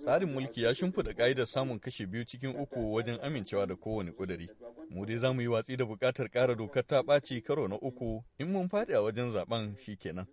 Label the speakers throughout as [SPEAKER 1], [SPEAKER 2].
[SPEAKER 1] Tsarin mulki ya shimfiɗa ƙa'idar samun kashe biyu cikin uku wajen amincewa da kowane ƙuduri. Mu dai za mu yi watsi da buƙatar ƙara dokar ta ɓaci karo na uku in mun faɗi a wajen zaben shi kenan.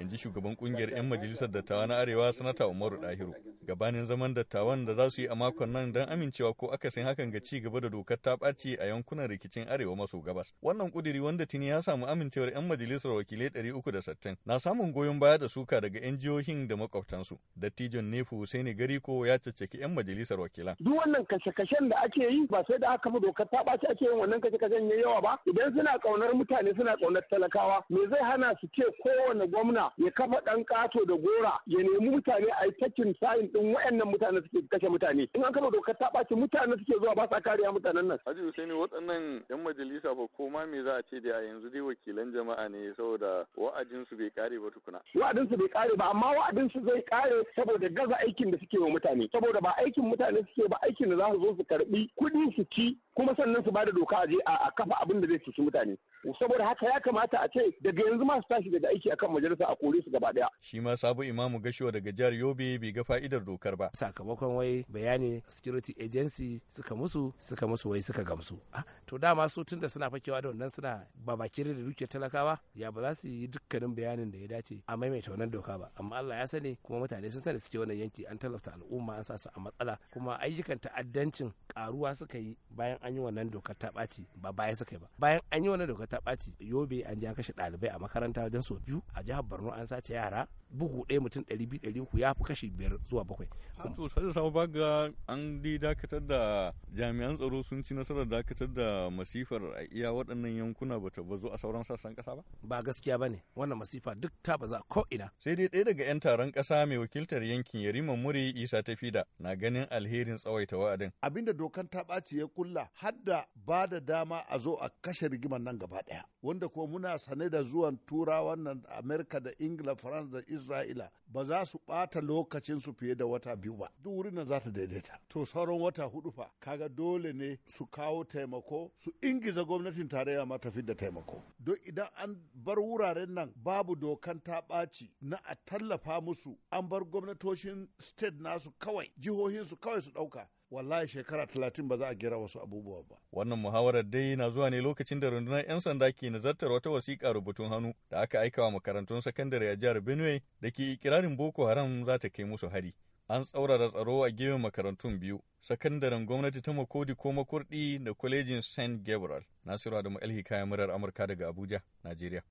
[SPEAKER 1] In ji shugaban ƙungiyar 'yan majalisar dattawa na Arewa Sanata Umaru Ɗahiru. Gabanin zaman dattawan da za su yi a makon nan don amincewa ko akasin hakan ga ci gaba da dokar ta ɓaci a yankunan rikicin Arewa maso gabas. Wannan ƙuduri wanda tuni ya samu amincewar 'yan majalisar wakilai 360 na samun samun goyon baya da suka daga 'yan jihohin da makwabtansu. Dattijon Nefu gari ko ya caccaki 'yan majalisar wakilan.
[SPEAKER 2] Duk wannan kashe-kashen da ake yi ba sai da aka fi dokar ta ɓaci ake yin wannan kashe-kashen ya yawa ba. Idan suna ƙaunar mutane suna ƙaunar talakawa me zai hana su ce kowane gwamna ya kafa ɗan ƙato da gora ya nemi mutane a yi takin sayin ɗin waɗannan mutane suke kashe mutane. In an kafa dokar ta ɓaci mutane suke zuwa ba sa kariya mutanen nan.
[SPEAKER 1] Haji Husaini waɗannan 'yan majalisa ba koma me za a ce da yanzu dai wakilan jama'a ne saboda su bai kare ba ba tukuna
[SPEAKER 2] wa'adin su bai kare ba amma wa'adin su zai kare saboda gaza aikin da suke wa mutane saboda ba aikin mutane suke ba aikin da za su zo su karbi kuɗi su ci kuma sannan su bada doka a je a kafa abin da zai cuci mutane saboda haka ya kamata a ce daga yanzu masu tashi daga aiki akan majalisa a kore su gaba daya
[SPEAKER 1] shi ma sabu imamu gashiwa daga jihar yobe bai ga fa'idar dokar ba sakamakon wai bayani security agency suka musu suka musu wai suka gamsu ah,
[SPEAKER 3] to dama su tunda suna fakewa da wannan suna babakire da duke talakawa ya ba za su yi dukkanin bayanin da ya dace a maimaita wannan doka ba amma Allah ya sani kuma mutane sun sani suke wannan yanki an talauta al'umma an sa su a matsala kuma ayyukan ta'addancin karuwa suka yi bayan an an yi wannan dokar ta ɓaci ba baya suka ba bayan an yi wannan dokar ta ɓaci yobe an je an kashe ɗalibai a makaranta wajen sau biyu a
[SPEAKER 1] jihar borno an sace yara bugu ɗaya mutum ɗari biyu ɗari uku ya fi kashe biyar zuwa bakwai. to sai da baga an dai dakatar da jami'an tsaro sun ci nasarar dakatar da masifar a iya waɗannan yankuna ba ta bazu a sauran sassan ƙasa ba. ba gaskiya ba ne wannan masifa duk ta baza ko ina. sai dai ɗaya daga 'yan taron ƙasa mai wakiltar yankin yariman muri isa ta fida na ganin alherin tsawaita wa'adin.
[SPEAKER 4] abinda dokan ta ɓaci ya kulla hadda ba da dama a zo a kashe rigimar nan gaba daya wanda kuma muna sane da zuwan turawan nan amerika da ingila france da isra'ila ba za su ɓata lokacinsu fiye da wata biyu ba duk wurin nan za ta daidaita to sauran wata hudu fa kaga dole ne su kawo taimako su ingiza gwamnatin tarayya ma tafi da taimako don idan an bar wuraren nan babu dokan ta ɓaci na a tallafa musu an bar gwamnatocin state nasu kawai jihohin su kawai su ɗauka wallahi shekara talatin ba za a gira wasu abubuwa ba.
[SPEAKER 1] Wannan muhawarar dai na zuwa ne lokacin da rundunar 'yan sanda ke nazartar wata wasiƙa rubutun hannu da aka aika wa makarantun sakandare a jihar Benue da ke ikirarin Boko Haram za ta kai musu hari. An tsaurara tsaro a gefen makarantun biyu, sakandaren gwamnati ta Makodi ko Makurdi da kwalejin St. Gabriel. Nasiru Adamu Alhikaya murar Amurka daga Abuja, Najeriya.